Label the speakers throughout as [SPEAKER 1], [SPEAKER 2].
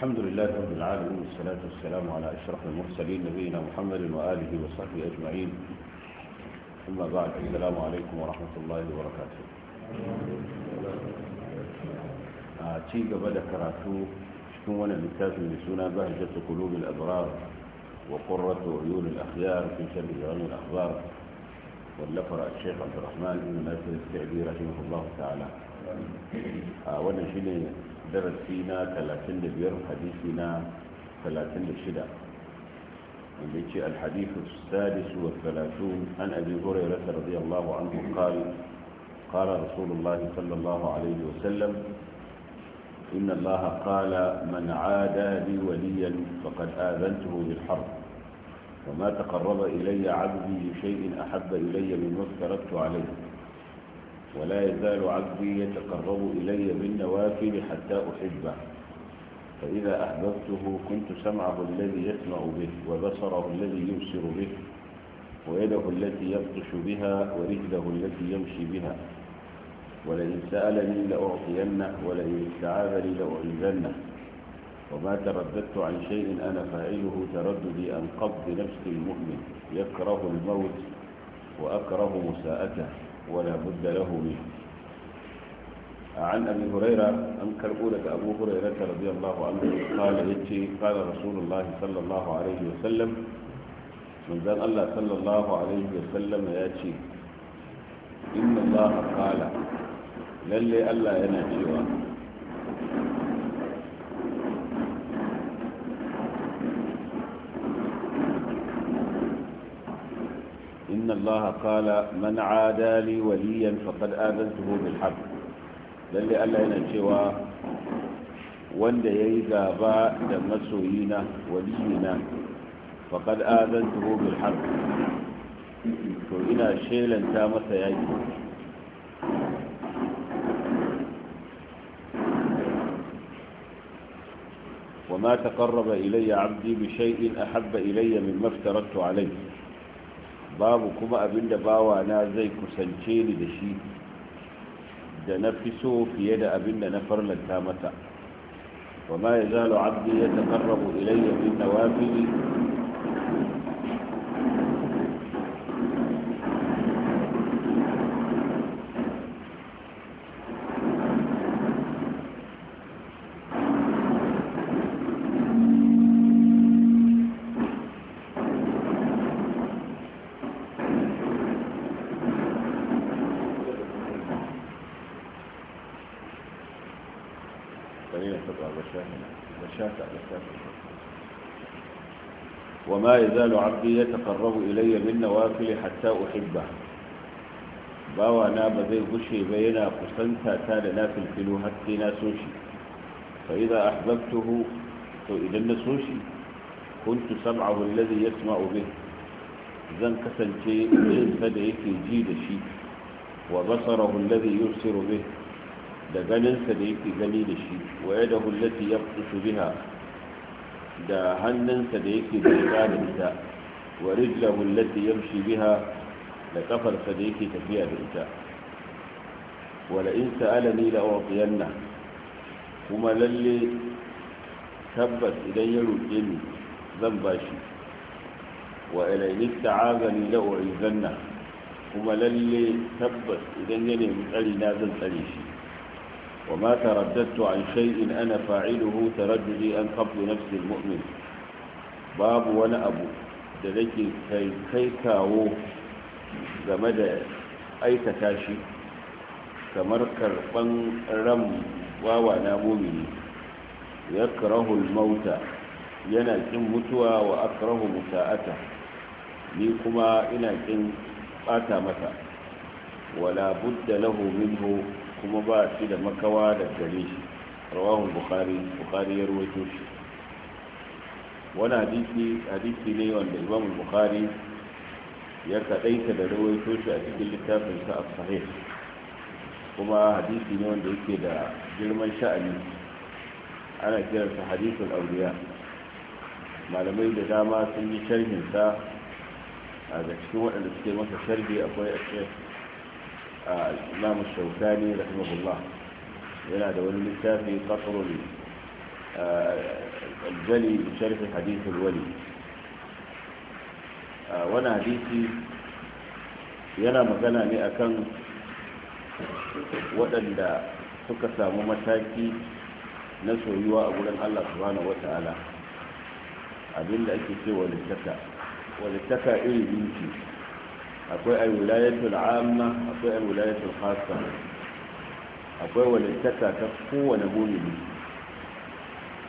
[SPEAKER 1] الحمد لله رب العالمين والصلاة والسلام على أشرف المرسلين نبينا محمد وآله وصحبه أجمعين ثم بعد السلام عليكم ورحمة الله وبركاته تيجا آه، بدأ كراتو شكونا نتاف من سنة بهجة قلوب الأبرار وقرة عيون الأخيار في شبه غني الأخبار واللفر الشيخ عبد الرحمن من ناسل التعبير رحمه الله تعالى آه، وانا شلين درسينا 35 حديثنا 36 التي الحديث السادس والثلاثون عن أبي هريرة رضي الله عنه قال قال رسول الله صلى الله عليه وسلم إن الله قال من عادى لي وليا فقد آذنته بالحرب وما تقرب إلي عبدي بشيء أحب إلي مما افترضت عليه ولا يزال عبدي يتقرب إلي بالنوافل حتى أحبه فإذا أحببته كنت سمعه الذي يسمع به وبصره الذي يبصر به ويده التي يبطش بها ورجله التي يمشي بها ولئن سألني لأعطينه ولئن استعاذني لأعيذنه وما ترددت عن شيء أنا فاعله ترددي أنقض قبض نفس المؤمن يكره الموت وأكره مساءته ولا بد له منه عن أبي هريرة أن كرؤولة أبو هريرة رضي الله عنه قال يتي قال رسول الله صلى الله عليه وسلم من ذن الله صلى الله عليه وسلم ياتي إن الله قال للي ألا ينجيوه الله قال من عادى لي وليا فقد آذنته بالحق للي ألا هنا شوى وانده يغابا دمسوينا ولينا فقد آذنته بالحق فإنا شيلا تامة يجب وما تقرب إلي عبدي بشيء أحب إلي مما افترضت عليه babu kuma abin da bawana zai kusance ni da shi da na fi so fiye da abin da na farlanta mata wa ma ya zalo abdi ya tafarrabu ilayya bin nawafili وما يزال عبدي يتقرب إلي من نوافل حتى أحبه باوى ناب بذي غشي بينا قسنتا تال نافل فلو حتى ناسوشي فإذا أحببته فإذا نسوشي كنت سمعه الذي يسمع به زن كسنتي فدعك جيد شيء وبصره الذي يبصر به دغنن سديك غني دشي ويده التي يبطش بها da hannunsa da yake bauta da ita wa rijlahu allati yamshi biha da kafarsa da yake tafiya da ita wala in sa'alani la u'tiyanna kuma lalle tabbas idan ya roƙe ni zan bashi wa ilayni ta'azani la u'izanna kuma lalle tabbas idan ya nemi tsari na zan tsare shi وما ترددت عن شيء أنا فاعله ترددي أن قبل نفس المؤمن باب ولا أبو دلك كي كي كاو زمد أي تتاشي كمر كربان رم واوانا مؤمني يكره الموت ينا كن متوى وأكره مساءته ni kuma ina kin bata mata wala budda lahu minhu kuma ba shi da makawa da gare shi rawahun bukari bukari ya ruwaito shi wani hadisi hadisi ne wanda imam bukari ya kaɗaita da ruwaito shi a cikin littafin sa a sahih kuma hadisi ne wanda yake da girman sha'ani ana kiransa hadisul auriya malamai da dama sun yi sharhinsa sa a cikin waɗanda suke masa sharhi akwai a a imam shaukani rahimahullah yana da wani littafi qatrul aljali bi sharh hadith alwali wani hadisi yana magana ne akan waɗanda suka samu mataki na soyuwa a wurin Allah subhanahu wata'ala abinda ake cewa littaka walittaka iri biyu ce akwai alwilayatul amma akwai alwilayatul khassa akwai walittaka ta kowane mumini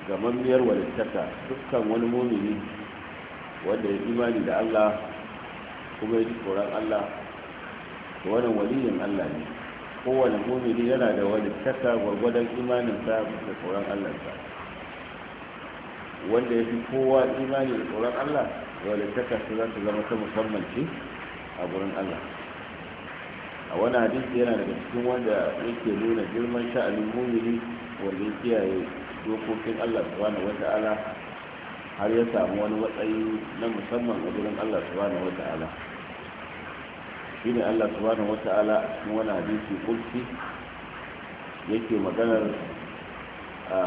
[SPEAKER 1] gamammiyar walittaka dukkan wani mumini wanda ya imani da Allah kuma ya ji tsoron Allah wani waliyin Allah ne kowane mumini yana da walittaka gwargwadon imaninsa da tsoron allah sa wanda ya fi kowa imani da tsoron Allah walittaka su za su zama ta musamman ce a gurin Allah a wani hadisi yana daga cikin wanda yake nuna girman sha'anin mumini wanda ya kiyaye dokokin Allah subhanahu ta'ala har ya samu wani matsayi na musamman a gurin Allah subhanahu shi shine Allah subhanahu ta'ala a cikin wani hadisi kulki yake maganar a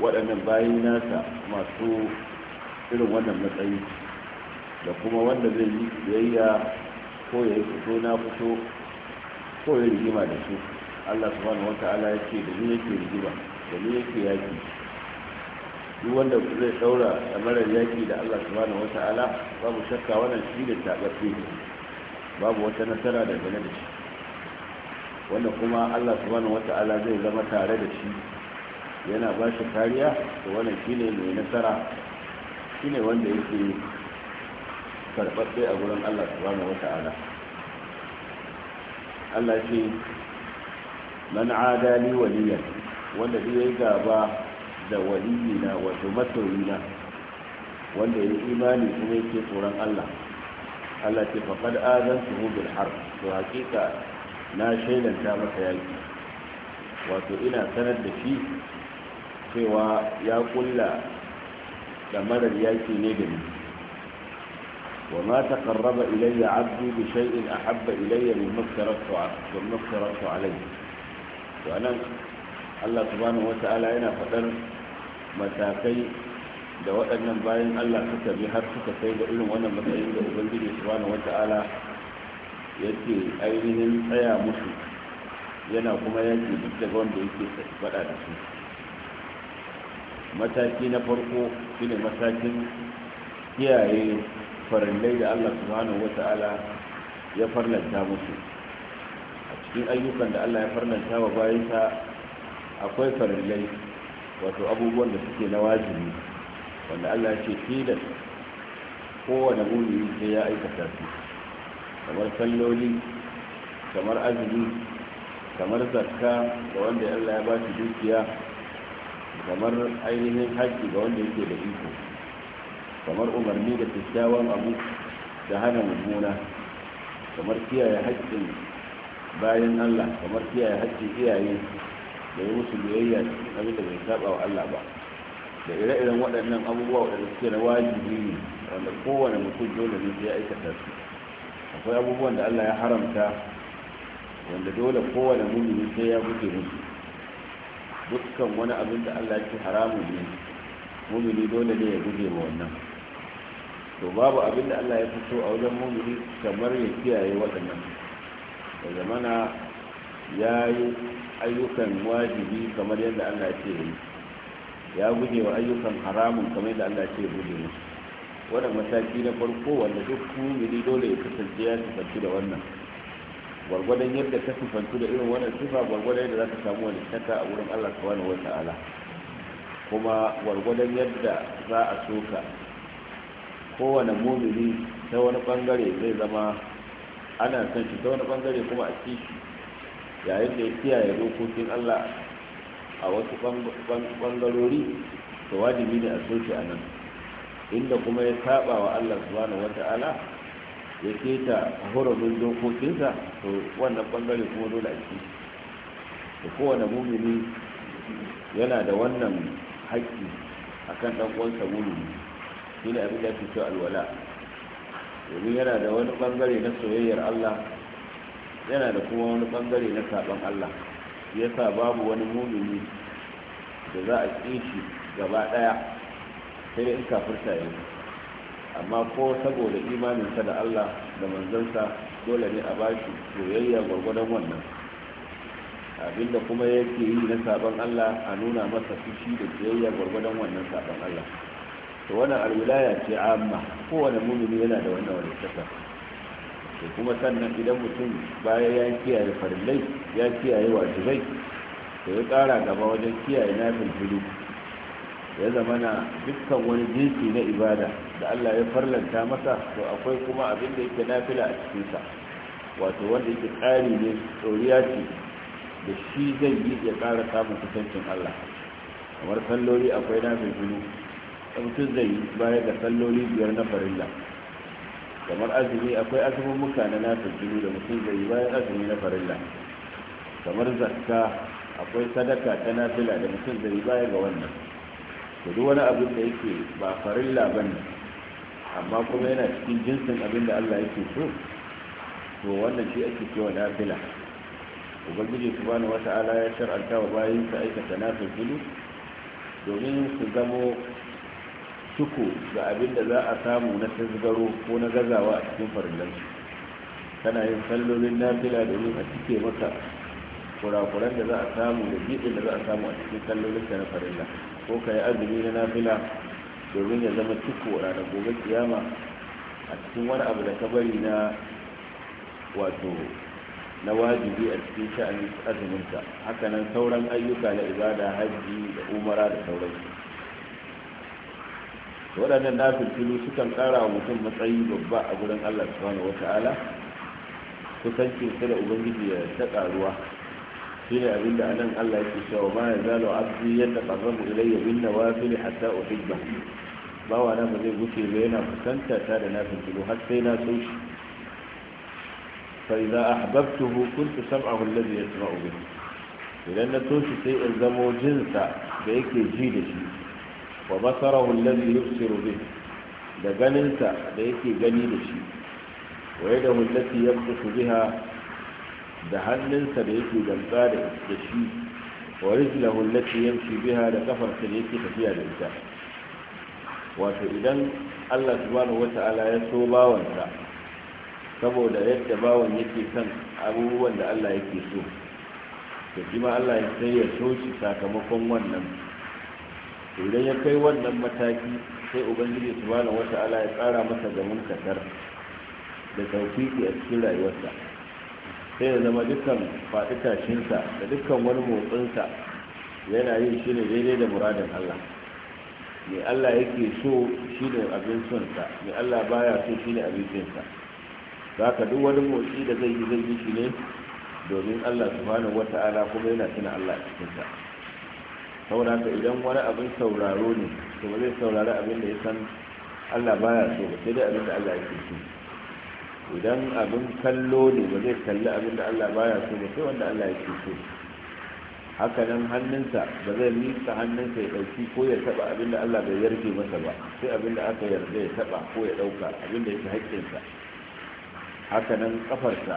[SPEAKER 1] waɗannan bayan nasa masu irin wannan matsayi da kuma wanda zai yi biyayya ko ya yi fito na fito ko ya rigima da su allah subhanahu wa ta'ala ya ce da ni yake rigima da ni yake yaki duk wanda zai da marar yaki da allah subhanahu wa ta'ala babu shakka wannan shi da tabbafi babu wata nasara da gane da shi wanda kuma allah subhanahu wa ta'ala zai zama tare da shi yana ba shi kariya da wannan shine mai nasara shine wanda yake karɓaɓɓe a gurin Allah subhanahu wata'ala Allah ce man adali waliyan wanda ya yi gaba da waliyina wato masoyina wanda ya imani kuma yake tsoron Allah Allah ce faƙad azan su bil har to hakika na shaidanta masa yaki wato ina sanar da shi cewa ya kulla da marar yaki ne da ni وما تقرب إلي عبدي بشيء أحب إلي مما افترضت عليه وأنا الله سبحانه وتعالى هنا فتر متاكي da waɗannan bayan Allah suka bi har suka kai da irin wannan matsayin da Ubangiji subhanahu wata'ala yake ainihin tsaya musu yana kuma yaki duk daga wanda yake faɗa da su mataki na farko shine matakin kiyaye farallai da Allah subhanahu wata'ala ya farlanta musu a cikin ayyukan da Allah ya farlanta wa bayansa akwai farallai wato abubuwan da suke na wajibi wanda Allah ce tilas kowane mumini sai ya aikata su kamar salloli kamar azumi kamar zakka ga wanda Allah ya ba shi dukiya kamar ainihin haƙƙi ga wanda yake da iko kamar umarni da kyakkyawan abu da hana mummuna kamar kiyaye haƙƙin bayan Allah kamar kiyaye haƙƙin iyaye da yi musu biyayya cikin da bai saba wa Allah ba da ire-iren waɗannan abubuwa waɗanda suke na wajibi ne wanda kowane mutum dole ne sai ya aikata su akwai abubuwan da Allah ya haramta wanda dole kowane mumini sai ya guje musu dukkan wani abin da Allah ya ce haramun ne mumini dole ne ya guje wa wannan to babu abin da Allah ya fito a wajen mumini kamar ya kiyaye waɗannan da zamana ya yi ayyukan wajibi kamar yadda Allah ce yi ya guje wa ayyukan haramun kamar yadda Allah ce guje mu wannan mataki na farko wanda duk mumini dole ya kasance ya tafi da wannan gwargwadon yadda ka sifantu da irin wannan sifa gwargwadon yadda za ka samu wani shaka a wurin Allah subhanahu wata'ala kuma gwargwadon yadda za a soka kowane mumini ta wani bangare zai zama ana son shi ta wani bangare kuma a ci shi yayin da ya kiyaye dokokin Allah a wasu bangarori to wajibi ne a soke a nan inda kuma ya saba wa Allah subhanahu wata'ala ya keta hurumin dokokinsa to wannan bangare kuma dole a ci to kowane mumini yana da wannan haƙƙi akan ɗan uwansa mumini shi ne abin da ake cewa alwala domin yana da wani bangare na soyayyar Allah yana da kuma wani bangare na saban Allah yasa babu wani mumini da za a ƙi shi gaba ɗaya sai da in kafirta ya amma ko saboda imaninsa da Allah da manzansa dole ne a bashi soyayya gwargwadon wannan abinda kuma yake yi na saban Allah a nuna masa fushi da soyayya gwargwadon wannan saban Allah to wannan alwilaya ce amma kowane mumini yana da wannan walittaka to kuma sannan idan mutum baya ya kiyaye farillai ya kiyaye wajibai to ya ƙara gaba wajen kiyaye na filfilu ya zama na dukkan wani jinsi na ibada da Allah ya farlanta masa to akwai kuma abin da yake nafila a cikinsa wato wanda yake tsari ne tsoriya ce da shi zai yi ya ƙara samun kusancin Allah kamar kallori akwai na filfilu mutum zai baya ga salloli biyar na farilla kamar azumi akwai azumin muka na nasa da mutum zai bayan azumi na farilla kamar zakka akwai sadaka ta nafila da mutum zai baya ga wannan to duk wani abin da yake ba farilla bane amma kuma yana cikin jinsin abin da Allah yake so to wannan shi ake cewa nafila ubangiji subhanahu wata'ala ya shar'anta wa sa aikata nafil domin su zamo cuku ga abin da za a samu na tasgaro ko na gazawa a cikin farillansu kana yin sallolin nafila domin a cike maka kurakuran da za a samu da jiɗin da za a samu a cikin sallolin ka na farilla ko ka yi azumi na nafila domin ya zama a ranar gobe kiyama a cikin wani abu da ka bari na wato na wajibi a cikin sha'anin ka hakanan sauran ayyuka na ibada hajji da umara da sauransu waɗannan nafilfilu sukan ƙara wa mutum matsayi babba a gurin allah subhanahu wa ta'ala kusancin su da ubangiji ya ta ƙaruwa shi ne abin da anan allah yake cewa ba ya zalo abdi ya taƙarrabu ilayya bin nawafil hatta uhibba wa na ba zai wuce ba yana kusanta ta da nafilfilu har sai na so shi fa idza ahbabtuhu kuntu sab'ahu alladhi yasma'u bihi idan na so shi sai in zamo jinsa da yake ji da shi wa basarahu alladhi yubsiru bih da ganinsa da yake gani da shi wa yadahu allati yabtashu biha da hannunsa da yake damtsa da shi wa rijlahu allati yamshi biha da kafarsa da yake tafiya da ita wato idan Allah subhanahu wata'ala ya so bawansa saboda yadda bawan yake son abubuwan da Allah yake so to shi Allah ya sai ya so shi sakamakon wannan idan ya kai wannan mataki sai ubangiji subhanahu wata'ala ya tsara masa gaban kasar da tawfiki a cikin rayuwarsa sai ya zama dukkan faɗi-tashinsa da dukkan wani motsinsa yana yin shi ne daidai da muradin Allah mai Allah yake so shi ne abin sonsa mai Allah baya so shi ne abin jinsa za ka duk wani motsi da zai yi zai yi shi ne domin Allah subhanahu ala kuma yana tuna Allah a cikinsa saboda ka idan wani abin sauraro ne to ba zai saurari abin da ya san Allah baya so ba sai dai abin da Allah yake so idan abin kallo ne ba zai kalli abin da Allah baya so ba sai wanda Allah ya ke so haka nan hannunsa ba zai miƙa hannunsa ya ɗauki ko ya taɓa abin da Allah bai yarje masa ba sai abin da aka yarda ya taɓa ko ya ɗauka abin da ya fi haƙƙinsa haka nan ƙafarsa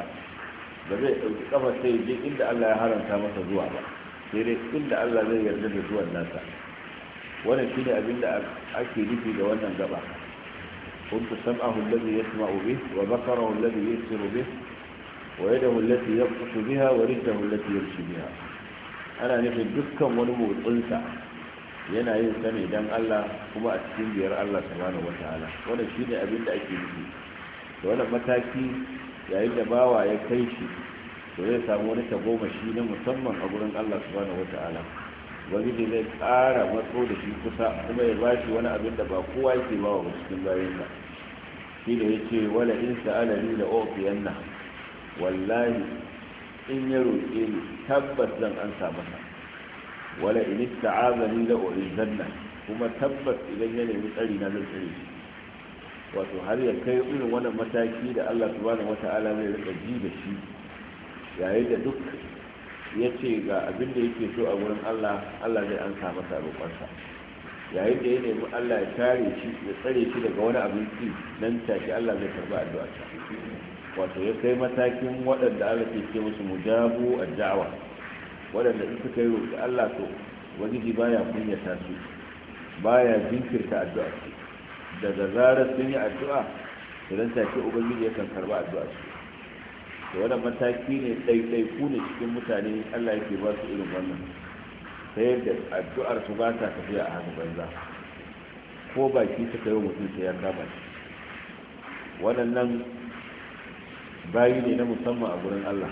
[SPEAKER 1] ba zai ɗauki ƙafar sai je inda Allah ya haramta masa zuwa ba sai dai inda Allah zai yarda da zuwan nasa wannan shi ne abinda ake nufi da wannan gaba Kun kuntu sam'ahu alladhi yasma'u bih wa basarahu alladhi yusiru bih wa yadahu allati yabtashu biya wa rijluhu allati yamshi biya? ana nufin dukkan wani motsinsa yana yin sa ne dan Allah kuma a cikin biyar Allah subhanahu wataala wannan shi ne abinda ake nufi da wannan mataki yayin da bawa ya kai shi to zai samu wani tagomashi na musamman a gurin Allah subhanahu ta'ala wani ne zai tsara matso da shi kusa kuma ya bashi wani abin da ba kowa yake ba wa cikin bayan ba shi da yake wala in sa'ala ni la uqiyanna wallahi in ya roƙe ni tabbas zan an sa masa wala in ista'aza ni la uizanna kuma tabbas idan ya nemi tsari na zan tsare shi wato har ya kai irin wannan mataki da Allah subhanahu ta'ala zai rika ji da shi yayin da duk ya ce ga abin da yake so a wurin allah allah zai an samu sa roƙonsa yayin da ya nemi allah ya tare shi ya tsare shi daga wani abin ki nan take allah zai karba addu'a wato ya kai matakin waɗanda allah ke ce musu mujabu addawa waɗanda in suka yi roƙi allah to wajiji baya kunyata su baya jinkirta addu'a su daga zarar sun yi addu'a idan take ubangiji yakan karba addu'a su da wannan mataki ne ku ne cikin mutane allah yake ba su irin wannan ta yadda addu'ar su ba ta tafiya a hannun banza ko baki suka yi mutum sai ya kama shi waɗannan bayi ne na musamman a gurin allah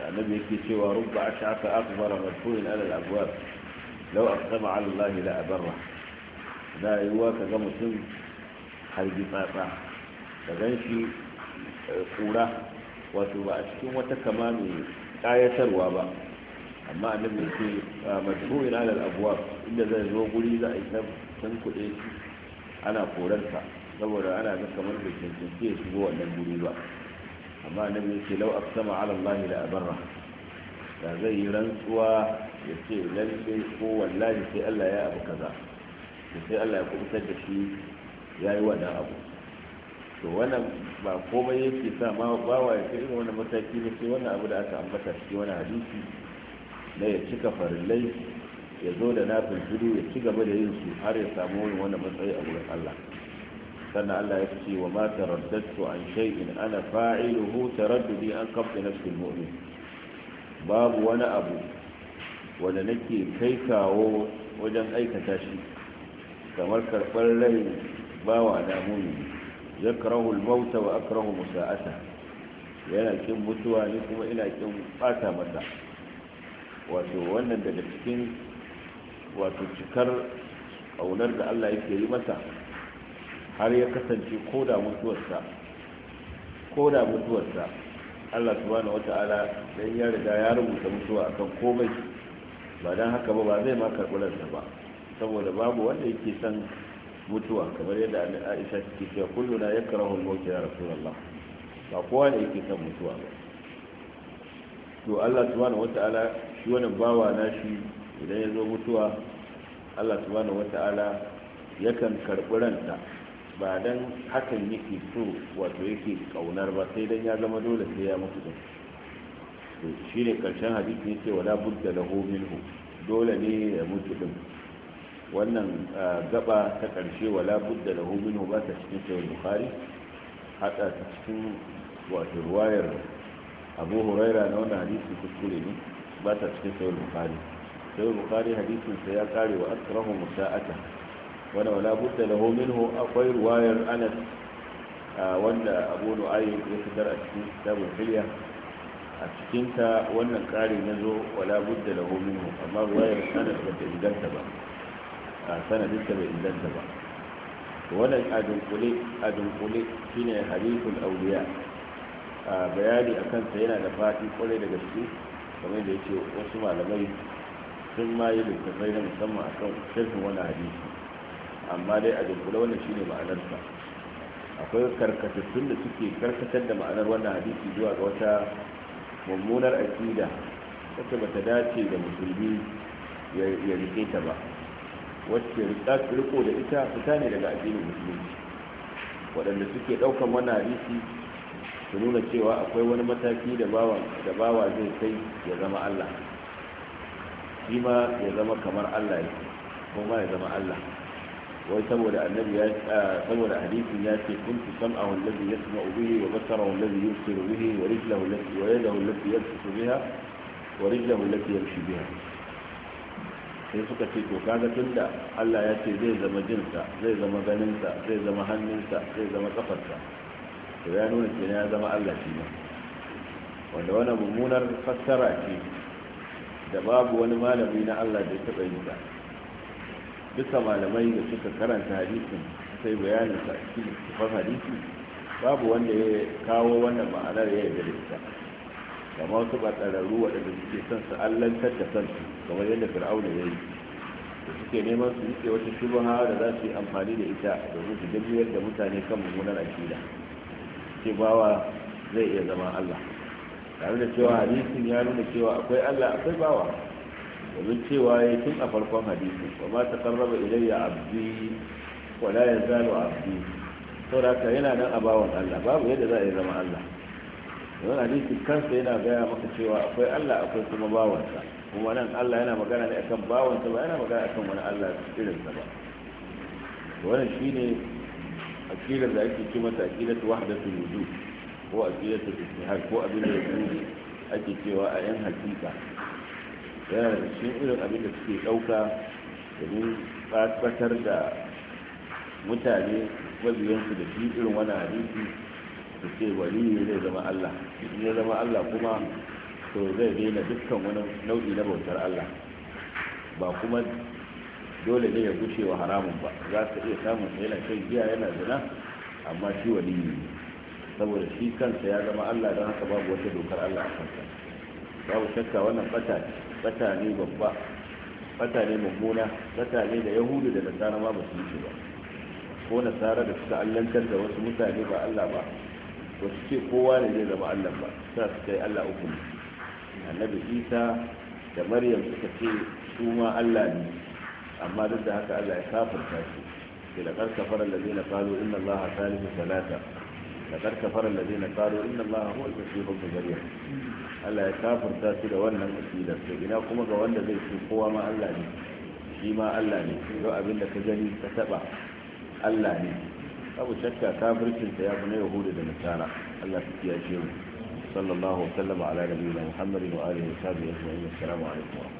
[SPEAKER 1] da annabi yake cewa rubba a sha'afa akbar madfurin alal abuwar lau a sama allah la abarra da yiwuwa ka ga mutum hargitsatsa ka gan shi kura eh, wato ba a cikin wata kama mai kayatarwa ba amma annabi ya ce majmu'in alal abwab inda zai zo guri za a yi san kuɗe ana koransa saboda ana ga kamar da cancanci ya shigo wannan guri ba amma annabi ya ce lau aqsama ala Allah da abarra da zai yi rantsuwa ya ce lalle ko wallahi sai Allah ya abu kaza sai Allah ya kubutar da shi yayi wannan abu to wannan ba komai yake sa ma wa ya kai wani mataki ne sai wannan abu da aka ambata shi wani hadisi na ya cika farillai ya zo da nafin zuru ya ci gaba da yin su har ya samu wani wani matsayi a wurin Allah sannan Allah ya ce wa ma taraddatu an shay'in ana fa'iluhu taraddudi an qabla nafsil mu'min babu wani abu wanda nake kai kawo wajen aikata shi kamar karɓar rai bawa na mumini yakrahu al-maut wa akrahu musa'ata yana kin mutuwa ne kuma ina kin bata masa wato wannan daga cikin wato cikar aunar da Allah yake yi masa har ya kasance koda mutuwarsa koda mutuwarsa Allah subhanahu wata'ala dan ya riga ya rubuta mutuwa akan komai ba dan haka ba ba zai ma karɓi ba saboda babu wanda yake san mutuwa kamar yadda annabi Aisha take cewa na yakrahu al-maut ya rasulullah ba kowa ne yake son mutuwa ba to Allah subhanahu wata'ala shi wannan bawa na shi idan ya zo mutuwa Allah subhanahu wata'ala yakan karɓi ranta ba dan hakan yake so wato yake kaunar ba sai dan ya zama dole sai ya mutu din to ne karshen hadisi yace wala budda lahu minhu dole ne ya mutu din wannan gaba ta ƙarshe wala budda da minhu ba ta cikin sahih bukari hada ta cikin wato ruwayar abu huraira na wannan hadisi kuskure ne ba ta cikin sahih bukari sahih bukari hadisin ya kare wa asrahu musa'ata Wani wala budda da minhu akwai ruwayar anas wanda abu nu'ayyib ya fitar a cikin sabon filiya a cikinta wannan ƙarin na zo wala budda da minhu amma ruwayar anas ba ta inganta ba a da bai inganta ba wannan adunkule dunkule shi ne auliya a bayani a kansa yana da fati kwarai da gaske kamar da ya ce wasu malamai sun ma yi littattafai na musamman akan kan shirkin wani hadisi amma dai a dunkule wannan shine ma'anarsa akwai karkatattun da suke karkatar da ma'anar wannan hadisi zuwa ga wata mummunar aƙida wacce ba ta dace da musulmi ya rike ta ba wacce riko da ita fita ne daga addinin musulunci waɗanda suke ɗaukan wannan hadisi su nuna cewa akwai wani mataki da bawa da bawa zai kai ya zama allah shi ma ya zama kamar allah yake ko ma ya zama allah wai saboda annabi ya saboda hadisin ya ce kuntu sam'ahu alladhi yasma'u bihi wa basarahu alladhi yubsiru bihi wa rijlahu allati wa yadahu allati yabsutu biha wa rijlahu allati yamshi biha sai suka ce to kaga tunda Allah ya ce zai zama jinsa zai zama ganinsa zai zama hannunsa zai zama kafarsa to ya nuna ke ya zama Allah shi ne wanda wani mummunar fassara ce da babu wani malami na Allah da ya taɓa yi ta duka malamai da suka karanta hadisin sai bayanin sa cikin hadisi babu wanda ya kawo wannan ma'anar ya yi da ita kama wasu batsararru waɗanda suke son su allantar da kansu kamar yadda fir'auna ya yi da suke neman su rike wata hawa da za su yi amfani da ita domin su jami'ar da mutane kan mummunar akida ce bawa zai iya zama allah tare da cewa hadisin ya nuna cewa akwai allah akwai bawa domin cewa ya tun a farkon hadisi wa ma ta karraba ilayya abdi la abdi saboda yana nan a bawan allah babu yadda za a yi zama allah wani hadisi kansa yana gaya maka cewa akwai Allah akwai kuma bawansa kuma nan Allah yana magana ne akan bawansa ba yana magana akan wani Allah irinsa ba wannan shine akidar da ake ce mata akidatu wahdatul wujud ko akidatu ijtihad ko abin da yake ake cewa a yan hakika yana da cikin irin abin da suke dauka domin tabbatar da mutane mabiyansu da shi irin wani hadisi su ce ne zai zama Allah in ya zama Allah kuma to zai daina dukkan wani nau'i na bautar Allah ba kuma dole ne ya guce wa haramun ba za ka iya samun yana shan giya yana zina amma shi wani ne saboda shi kansa ya zama Allah don haka babu wata dokar Allah a kansa babu shakka wannan fata fata ne babba fata ne mummuna fata ne da yahudu da nasara ma ba su yi ba ko nasara da suka allantar da wasu mutane ba Allah ba ba su ce kowa ne zai zama allah ba suna su kai allah uku annabi isa da maryam suka ce su ma allah ne amma duk da haka allah ya kafarta su sai da karka fara lalai na falo inna allaha salihu salata da karka fara lalai na falo inna allaha huwa al-masihul maryam allah ya kafarta su da wannan asidar to ina kuma ga wanda zai ce kowa ma allah ne shi ma allah ne duk abin da ka gani ka taba allah ne abu shakka ta ya fi na yahuda da nasara allah ta kiyaye mu sallallahu wasallama ala nabiyina muhammadin wa alihi wa sahbihi ajma'in assalamu alaikum